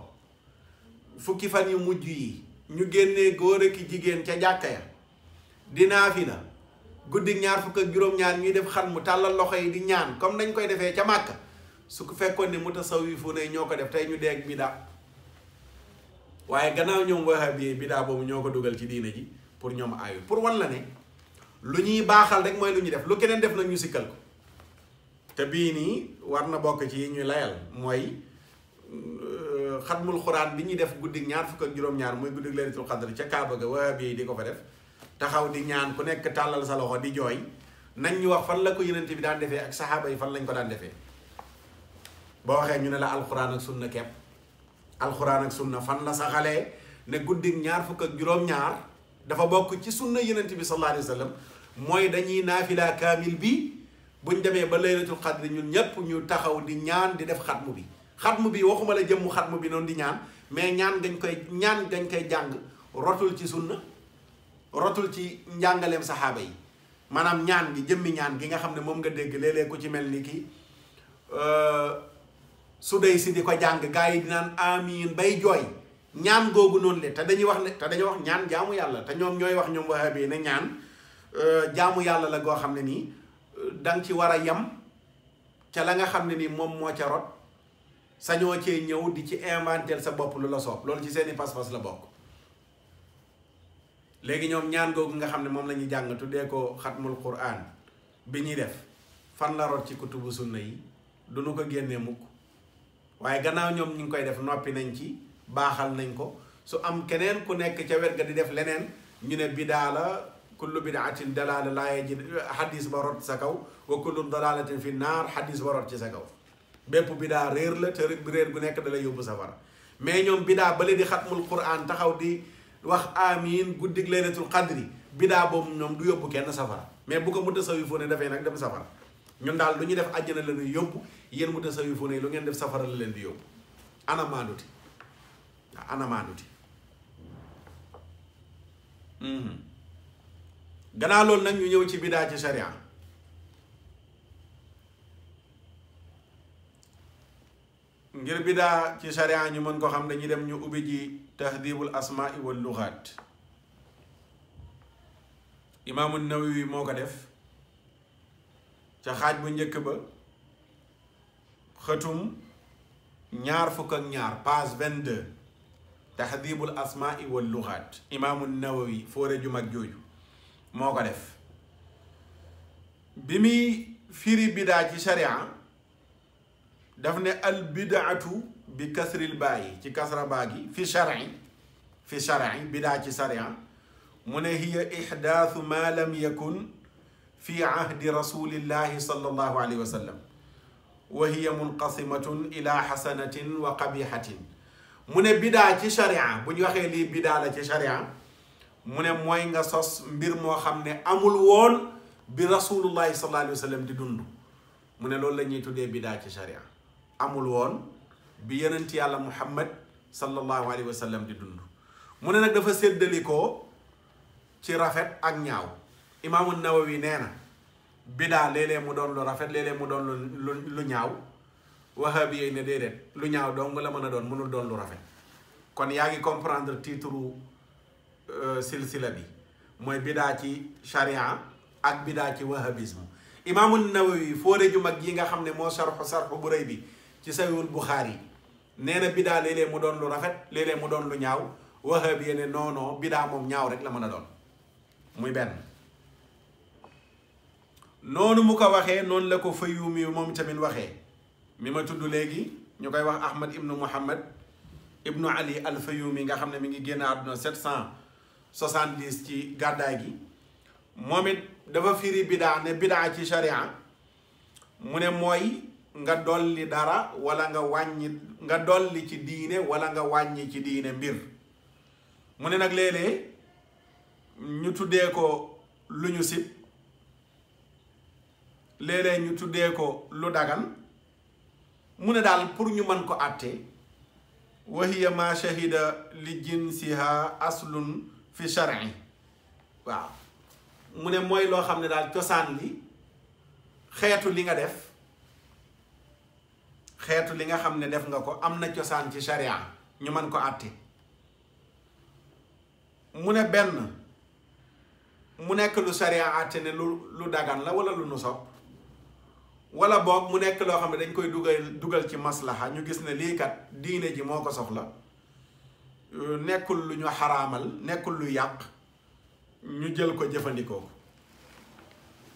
fukki fan yu mujj yi ñu génnee góor ak jigéen ca jàkka ya dinaa fi na guddi ñaar fukk ak juróom-ñaar ñuy def xan mu tàllal loxo yi di ñaan comme nañ koy defee ca màkk su ko fekkoon ne mu tasawifu ne ñoo ko def tey ñu deeg bidaa waaye gannaaw ñoom wahabi bidaa boobu ñoo ko dugal ci diine ji pour ñoom ayu pour wan la ne lu ñuy baaxal rek mooy lu ñuy def lu keneen def nag ñu sikkal ko te bii nii war na bokk ci yi ñuy layal mooy euh, xatmul xuraan bi ñuy def guddi ñaar fukk ak juróom-ñaar muy guddi laylatul qadr ca Kaaba ga wahabi di ko fa def taxaw di ñaan ku nekk tàllal sa loxo di jooy nañ ñu wax fan la ko yonent bi daan defee ak saxaaba yi fan lañ ko daan defee boo waxee ñu ne la alxuraan ak sunna kepp alxuraan ak sunna fan la saxale ne guddi ñaar fukk ak juróom-ñaar dafa bokk ci sunna yonent bi sallallahu alayhi mooy dañuy naafila kaamil bi buñ demee ba laylatul xadri ñun ñépp ñu taxaw di ñaan di def xatmu bi mu bi waxuma la jëmmu xatmu bi noonu di ñaan mais ñaan dañ koy ñaan dañ koy jàng rotul ci sunna rotul ci njàngaleem saxaaba yi maanaam ñaan gi jëmmi ñaan gi nga xam ne moom nga dégg léeg-léeg ku ci mel ni ki euh, su dee si di ko jàng gaa yi di naan amiin bay jooy ñaan googu noonu le te dañuy wax ne te dañuy wax ñaan jaamu yàlla te ñoom ñooy wax ñoom wahabi ne ñaan euh, jaamu yàlla la goo xam ne nii euh, danga ci war a yem ca la nga xam ne nii moom moo ca rot sañoo cee ñëw di ci inventer sa bopp lu la soob loolu ci seeni pas la bokk léegi ñoom ñaan googu nga xam ne moom la ñuy jàng tuddee ko xat xatmul quraan bi ñuy def fan la rot ci kutubu sunna yi du nu ko génnee mukk waaye gannaaw ñoom ñu ngi koy def noppi nañ ci baaxal nañ ko su am keneen ku nekk ca wet ga di def leneen ñu ne bidaa la kullu bidaatin dalaala laa yajid xadis ba rot sa kaw wa la dalaalatin fi naar xadis ba rot ci sa kaw bépp bidaa réer la te réer gu nekk da lay yóbbu safara mais ñoom bidaa bale taxaw di wax amiin guddig laylatul xadri bidaa boobu ñoom du yóbbu kenn safara mais bu ko mutasawifoo ne dafay nag dem safara ñun daal du ñuy def àjjana la ñuy yóbbu yéen mutasawifoo ne lu ngeen def safara la leen di yóbbu ana maanuti waaw ana maanuti mhm. gannaaw loolu nag ñu ñëw ci bidaa ci sharia ngir bidaa ci sharia ñu mën ko xam dañuy dem ñu ubbi ji tahdibul asmaai wal luxaat imaamu nawawi moo ko def ca xaaj bu njëkk ba xëtum ñaar fukk ak ñaar page vingt-deux tahdibul asmaai wal luxaat imaamu nawawi foore ju mag jooju moo ko def bi muy firi bidaa ci sharia daf ne al bidaatu bi kasril bàyyi ci kasra baa gi fi shar'i bi daa bidaa ci sariya mu ne hiya ihdaasu ma lam yakun fi ahdi rasulillahi sallallahu alayhi wa sallam wa hiya munqasimatun ila xasanatin wa qabihatin mu ne bidaa ci sharia bu ñu waxee lii bidaa la ci sharia mu ne mooy nga sos mbir moo xam ne amul woon bi rasulullahi sallallahu alayhi wa sallam di dund mu ne loolu la ñuy tuddee daa ci sharia amul woon bi yenent yàlla muhammad sallallahu alayhi wa sallam di dund mu ne nag dafa séddalikoo ci rafet ak ñaaw imaamu nawawi nee na bidaa léeg-léeg mu doon lu rafet léeg mu doon lu lu ñaaw wahabi yi ne déedéet lu ñaaw dong la mën a doon mënul doon lu rafet kon yaa ngi comprendre titre euh, silsila bi mooy bidaa ci charia ak bidaa ci wahabisme imaamu nawawi fóore ju mag yi nga xam ne moo sarxu sarxu bu rëy bi ci sayul buxaari nee na bidaa léeg mu doon lu rafet léeg-léeg mu doon lu ñaaw wahab yéene non non bidaa moom ñaaw rek la mën a doon muy benn noonu mu ko waxee noonu la ko Fayyuumi moom tamit waxee mi ma tudd léegi ñu koy wax Ahmad ibnu Muhammad ibnu Ali al Fayyuumi nga xam ne mi ngi génn àdduna 770 ci gàddaay gi moom it dafa firi bidaa ne bidaa ci sharia mu ne mooy nga dolli dara wala nga wàññi nga dolli ci diine wala nga wàññi ci diine mbir mu ne nag léeg ñu tuddee ko lu ñu sib léeg ñu tuddee ko lu dagan mu ne daal pour ñu mën ko àtte wa shahida li jinsiha aslun fi shar'i waaw mu ne mooy loo xam ne daal cosaan li xeetu li nga def xeetu li nga xam ne def nga ko am na cosaan ci sharia ñu man ko àtte mu ne benn mu nekk lu sharia àtte ne lu lu dagan la wala lu nu sopp walla boog mu nekk loo xam ne dañ koy dugal dugal ci maslaha ñu gis ne lii kat diine ji moo ko soxla nekkul lu ñu xaraamal nekkul lu yàq ñu jël ko jëfandikoo ko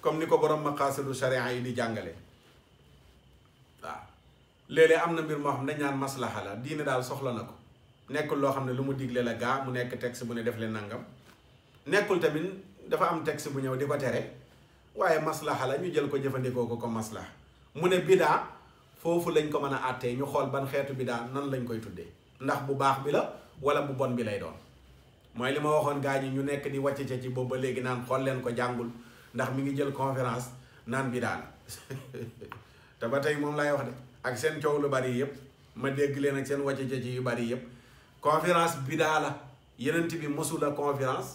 comme ni ko borom lu sharia yi di jàngale léegi am na mbir moo xam ne naan maslaha la diine daal soxla na ko nekkul loo xam ne lu mu digle la gaa mu nekk texte bu ne def leen nangam nekkul tamit dafa am texte bu ñëw di ko tere waaye maslaha la ñu jël ko jëfandikoo ko comme mu ne bidaa foofu lañ ko mën a àttee ñu xool ban xeetu bidaa nan lañ koy tuddee ndax bu baax bi la wala bu bon bi lay doon mooy li ma waxoon gaa yi ñu nekk di wàcc ca ci boobu ba léegi naan xool leen ko jàngul ndax mi ngi jël conférence naan bidaa la te ba tey moom laay wax de ak seen coow lu bari yëpp ma dégg leen ak seen wàcce ci yu bari yëpp conférence bi daa la yenent bi mosula conférence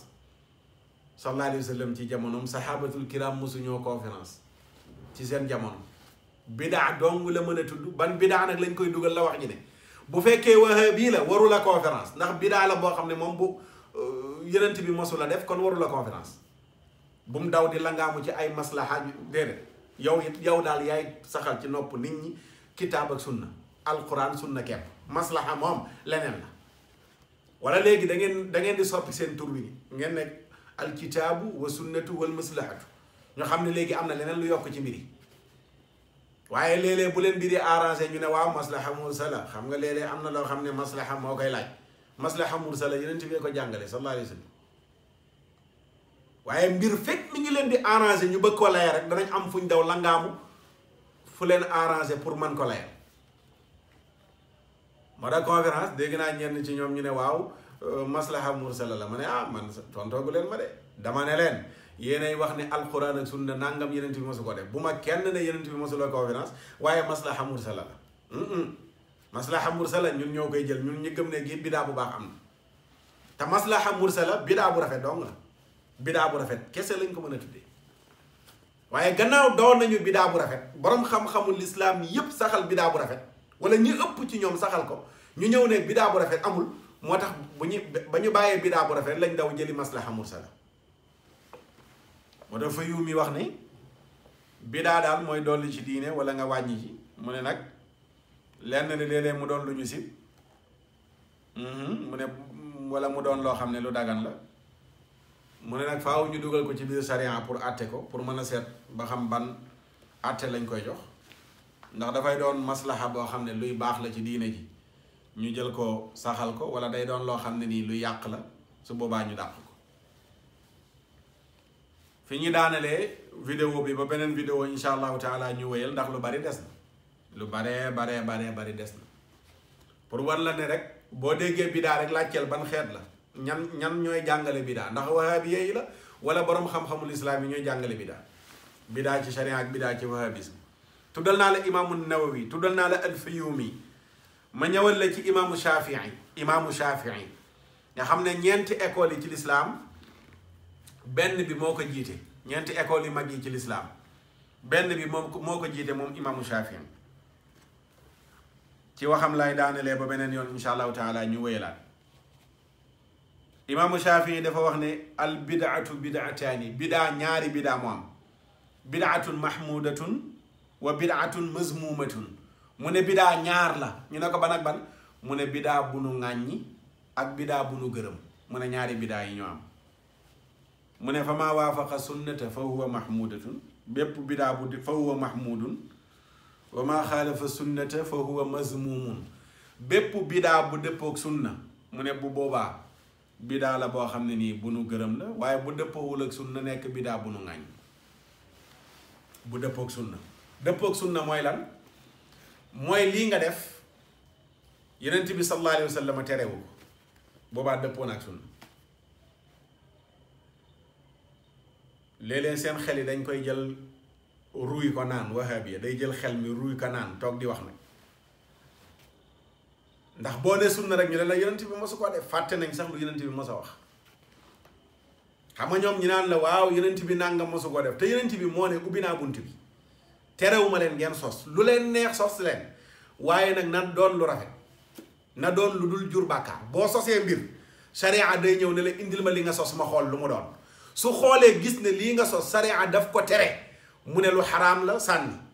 sallallahu alayhi wa sallam ci jamonoom sahabatul kiram mosuñoo conférence ci seen jamono bidaa dong la mën a tudd ban bidaa nag lañ koy dugal la wax ñu ne bu fekkee waxa bii la waru la conférence ndax bidaa la boo xam ne moom bu euh, yenent bi mosu la def kon warula la conférence bu mu daw di langaamu ci ay maslaha déedéet yow it yow daal yaay saxal ci nopp nit ñi kitaab ak sunna alquran sunna kepp maslaha moom leneen la wala léegi da ngeen da di soppi seen tur bi ngeen ne alkitaabu wa sunnatu wal maslahatu ñu xam ne léegi am na leneen lu yokk ci mbiri waaye léeg bu leen mbiri arrangé ñu ne waaw maslaha mursala xam nga léeg am na loo xam ne maslaha moo koy laaj maslaha mursala yeneen bee ko jàngale sallallahu alayhi wa waaye mbir fekk mi ñu leen di arrangé ñu bëgg ko lay rek danañ am ñu daw langaamu fu leen arrangé pour man ko layal moo tax conférence dégg naa ñenn ci ñoom ñu ne waaw euh, maslaha mursala la ma ne ah man ton tontoogu leen ma de dama ne leen yéenay wax ne alquran ak sunna nangam yenent bi mosu ko def bu ma kenn ne yenent bi mosuloo conférence waaye maslaha mursala la maslaha mursala ñun ñoo koy jël ñun ñu gëm ne gi bidaa bu baax am na te maslaha mursala bidaa bu rafet dong la bidaa bu rafet kese lañ ko mën a tuddee waaye gannaaw doo nañu bidaa bu rafet boroom xam-xamu lislaam yépp saxal bidaa bu rafet wala ñi ëpp ci ñoom saxal ko ñu ñëw ne bidaa bu rafet amul moo tax bu ñu ba ñu bàyyee bidaa bu rafet lañ daw jëli maslaha mursala moo tax fa yuum yi wax ne bidaa daal mooy dolli ci diine wala nga wàññi ci mu ne nag lenn li léeg mu doon lu ñu sib mhm, mu ne wala mu doon loo xam ne lu dagan la mu ne nag faaw ñu dugal ko ci biir sariya pour àtte ko pour mën a seet ba xam ban àtte lañ koy jox ndax dafay doon maslaha boo xam ne luy baax la ci diine ji ñu jël ko saxal ko wala day doon loo xam ne nii lu yàq la su boobaa ñu dàq ko fi ñu daanalee vidéo bi ba beneen vidéo insha allahu taala ñu wéyal ndax lu bari des na lu baree baree baree bari des na pour war la ne rek boo déggee bidaa rek laajteel ban xeet la ñan ñan ñooy jàngale bidaa ndax wahabiya yi la wala borom xam-xamul islam yi ñooy jàngale bidaa bidaa ci sharia ak bidaa ci wahabisme tuddal naa la imaamu nawawi tuddal naa la alfiyumi ma ñëwal la ci imaamu shafii imaamu shafii nga xam ne ñeenti école yi ci lislaam benn bi moo ko jiite ñeenti école yu mag yi ci lislaam benn bi moom moo ko jiite moom imaamu shafii ci waxam lay daanelee ba beneen yoon insha allahu taala ñu wéyalaat imaamu Shafii dafa wax ne al bidaatu bidaataani bidaa ñaari bidaa mu am bidaatun mahmudatun wa bidaatun mazmuumatun mu ne bidaa ñaar la ñu ne ko ban ak ban mu ne bidaa bu nu ŋàññi ak bidaa bu nu gërëm mu ne ñaari bidaa yi ñu am mu ne fa maa waafaqa sunnata fa huwa mahmudatun bépp bidaa bu fa huwa mahmudun wa maa xaalafa sunnata fa huwa mazmuumun bépp bidaa bu dëppoog sunna mu ne bu boobaa bidaa la boo xam ne nii bu nu gërëm la waaye bu dëppoowul ak sunna nekk bidaa bu nu ŋàññ bu dëppoo dëppook sunna dëppook sunna mooy lan mooy lii nga def yonent bi sallallahu alayhi wa sallam terewu ko boobaa dëppoon ak sunna léeg-léeg seen xel yi dañ koy jël ruuy ko naan wahabiya day jël xel mi ruy ko naan toog di wax nag ndax boo nee sunna rek ñu ne la yonent bi mosu ko def fàtte nañ sax lu yonent bi mos a nga ñoom ñu naan la waaw yonent bi nangam mosu ko def te yonent bi moo ne ubbi naa bunt bi terewuma leen ngeen sos lu leen neex sos leen waaye nag na doon lu rafet na doon lu dul jur bàkkaar boo sosee mbir sariya day ñëw ne la indil ma li nga sos ma xool lu mu doon su xoolee gis ne lii nga sos sariya daf ko tere mu ne lu xaraam la sànni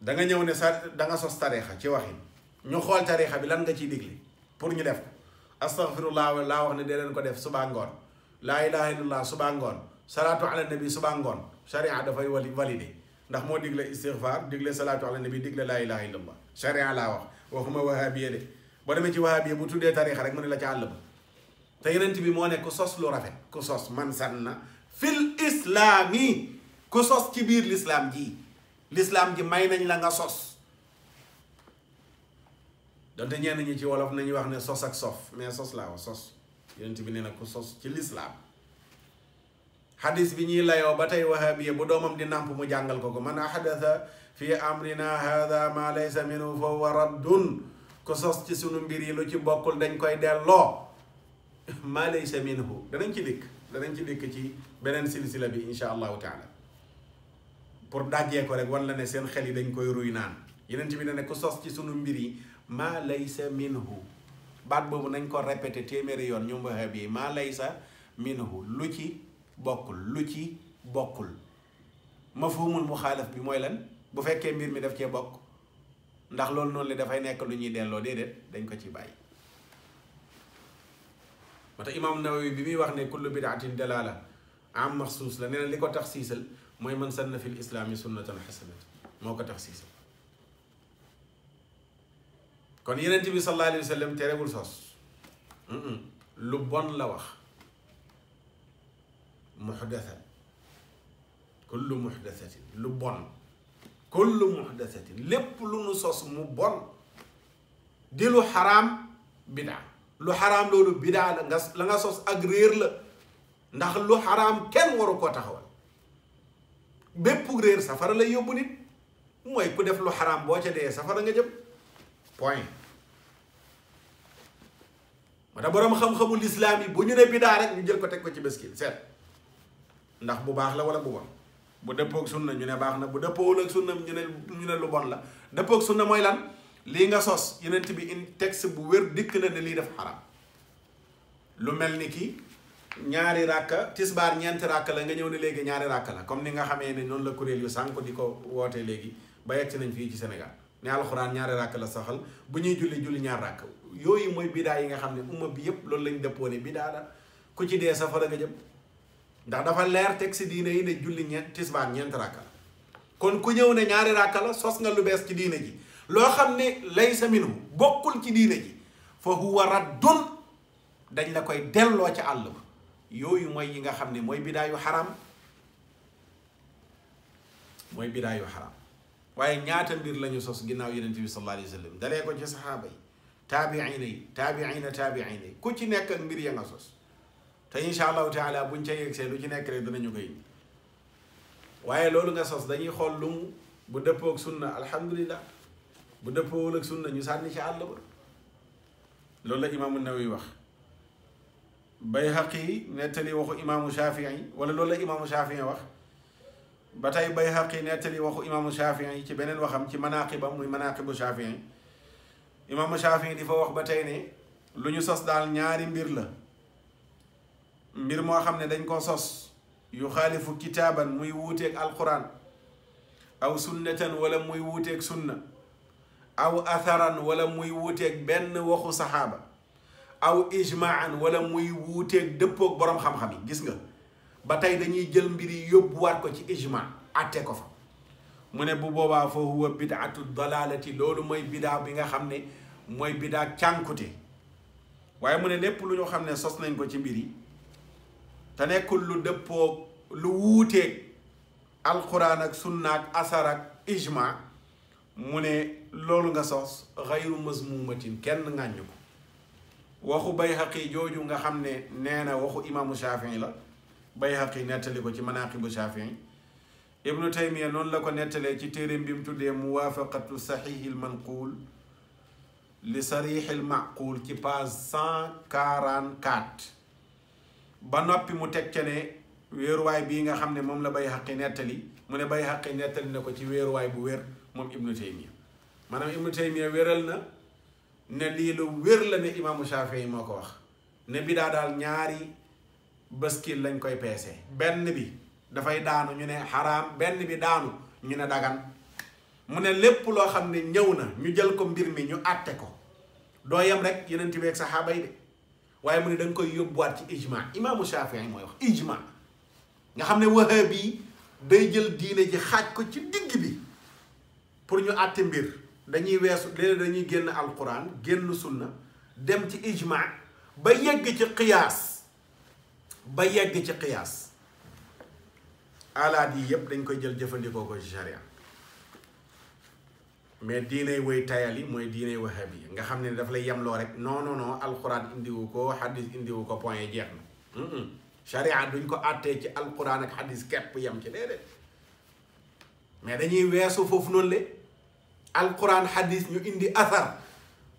da nga ñëw ne sa danga nga sos tariixa ci waxin ñu xool tariixa bi lan nga ciy digle pour ñu def ko astaghfirullah laa wax ne dee leen ko def subaa ngoon laa ilaha illallah subaa ngoon salaatu ala nabi subaa ngoon sharia dafay wali validé ndax moo digle istighfar digle salaatu ala nabi digle laa ilaha illallah sharia laa wax waxuma wahabiya de boo demee ci wahabiya bu tuddee tariixa rek mu ne la ca àll ba te yenent bi moo ne ku sos lu rafet ku sos man sanna fil islaami ku sos ci biir lislaam ji lislaam ji may nañ la nga sos donte ñeen ñi ci wolof nañuy wax ne sos ak sof mais sos laa wax sos yonent bi nee na ko sos ci lislaam xadis bi ñuy layoo ba tey wahabiya bu doomam di nàmp mu jàngal ko ko man ahdatha fi amrina hada ma laysa minhu fa huwa raddun sos ci sunu mbir yi lu ci bokkul dañ koy delloo ma laysa minhu danañ ci dikk danañ ci dikk ci beneen silsila bi insha allahu taala pour dajee ko rek wan la ne seen xel yi dañ koy ruy naan yeneen ci bi ne ne ku sos ci sunu mbir yi maa laysa minhu baat boobu nañ ko répété téeméeri yoon ñu mbaxe bii maa laysa minhu lu ci bokkul lu ci bokkul mafhumul muxaalaf bi mooy lan bu fekkee mbir mi daf cee bokk ndax loolu noonu dafay nekk lu ñuy delloo déedéet dañ ko ci bàyyi moo tax imaam bi muy wax ne kullu bidaatin la am maxsuus la ne na li ko tax siisal mooy man sanna fil islaami sunnatan xasanatan moo ko tax siisa kon yenent bi sallallahu alayhi wa sallam terewul sos lu bon la wax muxdatan kullu muxdasatin lu bon kullu muxdasatin lépp lu sos mu bon di lu xaraam bidaa lu xaraam loolu bidaa la nga la nga sos ak réer la ndax lu xaraam kenn waru koo taxaw bépp réer safara lay yóbbu nit mooy ku def lu xaraam boo ca dee safara nga jëm point moo tax boroom xam-xamu lislaam yi bu ñu ne bidaa rek ñu jël ko teg ko ci béskil seet ndax bu baax la wala bu bon bu dëppoog sunna ñu ne baax na bu dëppoowul ak sunna mu ne ñu ne lu bon la dëppoog sunna mooy lan lii nga sos yenent bi in texte bu wér dikk na ne lii def xaraam lu mel ni kii ñaari ràkka tisbaar ñeenti ràkka la nga ñëw ne léegi ñaari ràkk la comme ni nga xamee ne noonu la kuréel yu sànq di ko wootee léegi ba yegg ci nañ fii ci Sénégal ne alxuraan ñaari ràkk la saxal bu ñuy julli julli ñaar ràkk yooyu mooy bidaa yi nga xam ne umma bi yépp loolu lañ dëppoo ne bidaa la ku ci dee safara nga jëm ndax dafa leer teg si diine yi ne julli ñeent tisbaar ñeenti ràkk kon ku ñëw ne ñaari ràkk la nga lu bees ci diine ji loo xam ne laysa minhu bokkul ci diine ji fa huwa raddun dañ la koy delloo ci àll ba yooyu mooy yi nga xam ni mooy bidaa yu xaraam mooy bidaa yu xaraam waaye ñaata mbir lañu sos ginnaaw yonent bi sallallahu alayhi wa sallam dalee ko ci saxaaba yi taabiina yi taabiina taabiina yi ku ci nekk mbir ya nga sos te incha allahu taala buñ ca yegsee lu ci nekk danañu koy indi loolu nga sos dañuy xool lu bu dëppoog sunna alhamdulillah bu dëppoowul ak sunna ñu sànni ci àll ba loolu la imaamu Nawawi wax Bayhaqi nettali waxu imaamu yi wala loolu la imaamu Shafii wax ba tey Bayhaqi nettali waxu imaamu Shafii ci beneen waxam ci manaaqibam muy manaaqibu Shafii imaamu Shafii di fa wax ba tey ne lu ñu sos daal ñaari mbir la mbir moo xam ne dañ ko sos yu xaalifu kitaaban muy wuuteeg alquran aw sunnatan wala muy wuuteeg sunna aw atharan wala muy wuuteeg benn waxu saxaaba aw ijmaan walla muy wuuteeg dëppoog boroom xam-xam yi gis nga ba tey dañuy jël mbir yi yóbbuwaat ko ci ijma atte ko fa mu ne bu boobaa fa huwa bidaatu dalalati loolu mooy bidaa bi nga xam ne mooy bidaa cànkute waaye mu ne lépp lu ñu xam ne sos nañ ko ci mbir yi te nekkul lu dëppoog lu wuuteeg alquran ak sunna ak asar ak ijma mu ne loolu nga sos xayru mazmumatin kenn ngàññ ko waxu Bayhaqi jooju nga xam ne nee na waxu imaamu Shafii la bay Bayhaqi nettali ko ci manaaqibu Shafii ibnu Taymiya noonu la ko nettalee ci téeréem bi mu tuddee muwaafaqatu saxiihil manquul li sarixil maquul ci page cent quarante ba noppi mu teg ca ne wéeruwaay bii nga xam ne moom la Bayhaqi nettali mu ne Bayhaqi nettali na ko ci weeruwaay bu wér moom ibnu Taymiya maanaam ibnu Taymiya wéral na ne lii lu wér la ne imaamu Shafii moo ko wax ne bi daa daal ñaari bëskil lañ koy peese benn bi dafay daanu ñu ne xaraam benn bi daanu ñu ne dagan mu ne lépp loo xam ne ñëw na ñu jël ko mbir mi ñu àtte ko doo yem rek yeneen tibeeg saxaaba yi de waaye mu ne dañ koy yóbbuwaat ci ijma imaamu Shafii mooy wax ijma nga xam ne wahabi day jël diine ji xaaj ko ci digg bi pour ñu àtte mbir dañuy weesu léeg dañuy génn alquran génn sunna dem ci ijma ba yegg ci qiyaas ba yegg ci qiyaas alaat yi yépp dañ koy jël jëfandikoo ko ci sharia mais diinay woy tayal yi mooy diinay wahhabi nga xam ne daf lay yemloo rek non non non alquran indiwu ko hadis indiwu ko duñ ko àttee ci alquran ak hadis kepp yem ci déedéet mais dañuy weesu foofu noonu le alquran hadis ñu indi athar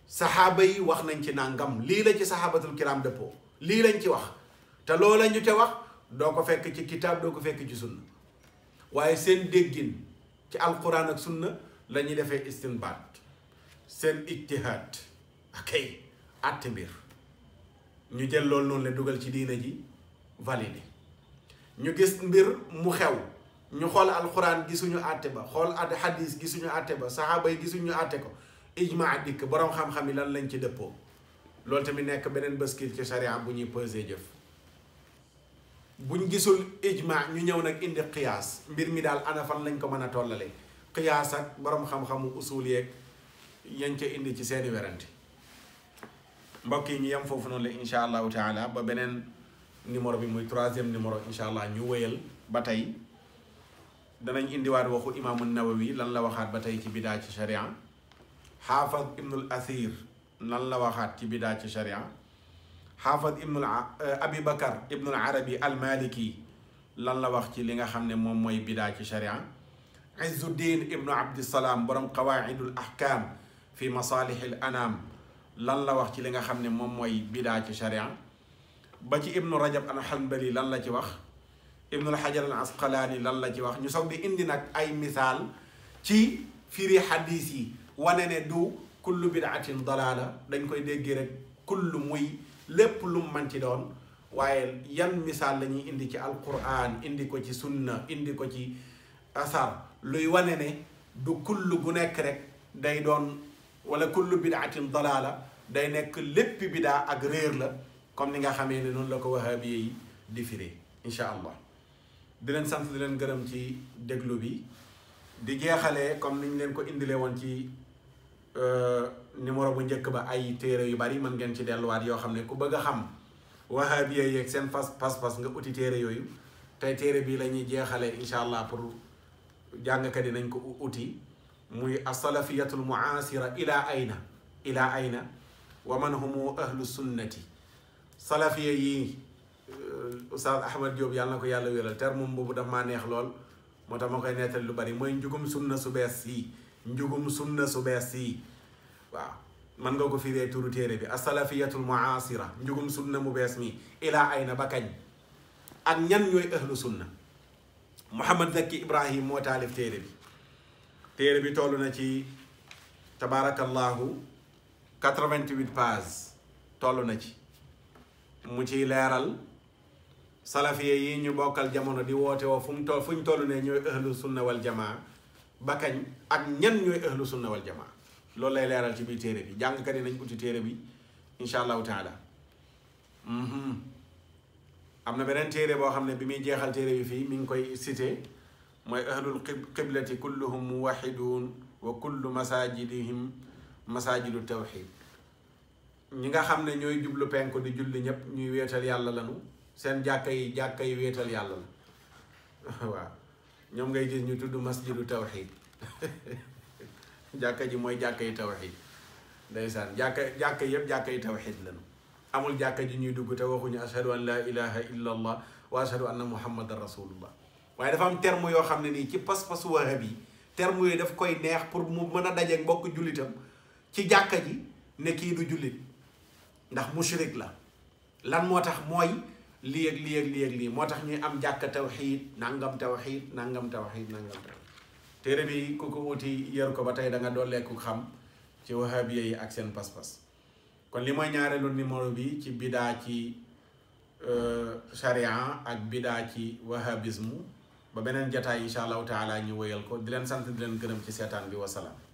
saxaaba yi wax nañ ci nangam lii la ci saxaabatul kiram dëppoo lii lañ ci wax te loola ñu ca wax doo ko fekk ci kitaab doo ko fekk ci sunna waaye seen déggin ci alquran ak sunna la ñuy defee istinbaat seen ijtihaad akay àtte mbir ñu jël loolu noonu la dugal ci diina ji validé ñu gis mbir mu xew ñu xool alxuraan gisuñu àtte ba xool at hadis gisuñu àtte ba saxaaba yi gisuñu àtte ko ijmaa dikk borom xam-xam yi lan lañ ci dëppoo loolu tamit nekk beneen bëskil ci sharia bu ñuy pesé jëf buñ gisul ijmaa ñu ñëw nag indi qiyaas mbir mi daal ana lañ ko mën a tollale qiyaas ak borom xam-xamu usul yeeg yañ ca indi ci seeni werante mbokk yi ñu yem foofu noonu la incha allahu taala ba beneen numéro bi muy troisième numéro incha allah ñu wëyal ba tey danañ indiwaar waxu imaamu nawawi lan la waxaat ba tey ci bidaa ci sharia xaafaz ibnul asir lan la waxaat ci bidaa ci sharia xaafaz ibnul eh, abi bakar ibnul arabi almaliki lan la wax ci li nga xam ne moom mooy bidaa ci sharia izzuddin ibnu abdisalaam borom qawaidul ahkam fi masalihil anam lan la wax ci li nga xam ne moom mooy bidaa ci sharia ba ci ibnu rajab alhanbali lan la ci wax ibnul hajar al asqalaani lan la ci wax ñu soog di indi nag ay misaal ci firi xadiis yi wane ne du kullu bidaatin dalaala dañ koy déggee rek kullu muy lépp lu mu ci doon waaye yan misaal lañuy indi ci alquran indi ko ci sunna indi ko ci asar luy wane ne du kullu gu nekk rek day doon wala kullu bidaatin dalaala day nekk lépp bidaa ak réer la comme ni nga xamee ne noonu la ko wahabiye yi di firee incha allah di leen sant di leen gërëm ci déglu bi di jeexale comme niñ leen ko indilee woon ci euh, numéro bu njëkk ba ay téere yu bari mën ngeen ci delluwaat yoo xam ne ku bëgg a xam wahabiya yeeg seen fas pas-pas nga uti téere yooyu tey téere bii la ñuy jeexalee incha allah pour jàngkat yi nañ ko uti muy asalafiyatul muasira ila ayna ila ayna wa man humu ahlu sunnati salafiya yii Oustaz Ahmad Diop yàlla na ko yàlla wéral ter moom boobu daf maa neex lool moo tax ma koy nettali lu bari mooy njugum sunna su bees yi njugum sunna su bees yi waaw man nga ko firee turu téere bi asalafiyatul muasira njugum sunna mu bees mii ilaa ay na ba kañ ak ñan ñooy ahlu sunna Mouhamad Zakki Ibrahim moo taalif téere bi téere bi toll na ci tabaarakallahu 88 pages toll na ci mu ciy leeral salafiye yi ñu bokkal jamono di woote woo fu mu toll fu ñu toll ne ñooy ahlu sunna wal jamaa ba kañ ak ñan ñooy ahlu sunna wal jamaa loolu lay leeral ci biir téere bi jàngkat yi nañ uti téere bi incha allahu taala mhm. am na beneen téere boo xam ne bi muy jeexal téere bi fii mi ngi koy cité mooy ahlul qiblati kulluhum muwaxiduun wa kullu masajidihim masajidu tawxid ñi nga xam ne ñooy jublu penku di julli ñépp ñuy weetal yàlla lanu seen jàkka yi jàkka yi wéetal yàlla la waaw ñoom ngay gis ñu tudd masjidu tawxiid jàkka ji mooy jàkka yi tawxiid ndeysaan jàkka jàkka yëpp jàkka yi tawxiid lan amul jàkka ji ñuy dugg te waxuñu ashadu an laa ilaha illa allah wa ashadu anna muhammadan rasulullah waaye dafa am terme yoo xam ne nii ci pas-pasu waxeb yi terme yooyu daf koy neex pour mu mën a dajeeg mbokk jullitam ci jàkka ji ne kii du jullit ndax mushrik la lan moo tax mooy lii ak lii ak lii moo tax ñuy am jàkka tawxiid nangam tawxiid nangam tawxiid nangam tawxiid téere bi ku ko wuti yar ko ba tey danga nga dooleeku xam ci wahabiya yi ak seen pas-pas kon li mooy ñaareelu numéro bi ci bidaa ci charia euh, ak bidaa ci wahabisme ba beneen jataay incha allahu taala ñu wéyal ko di leen sant di leen gërëm ci seetaan bi wasalaam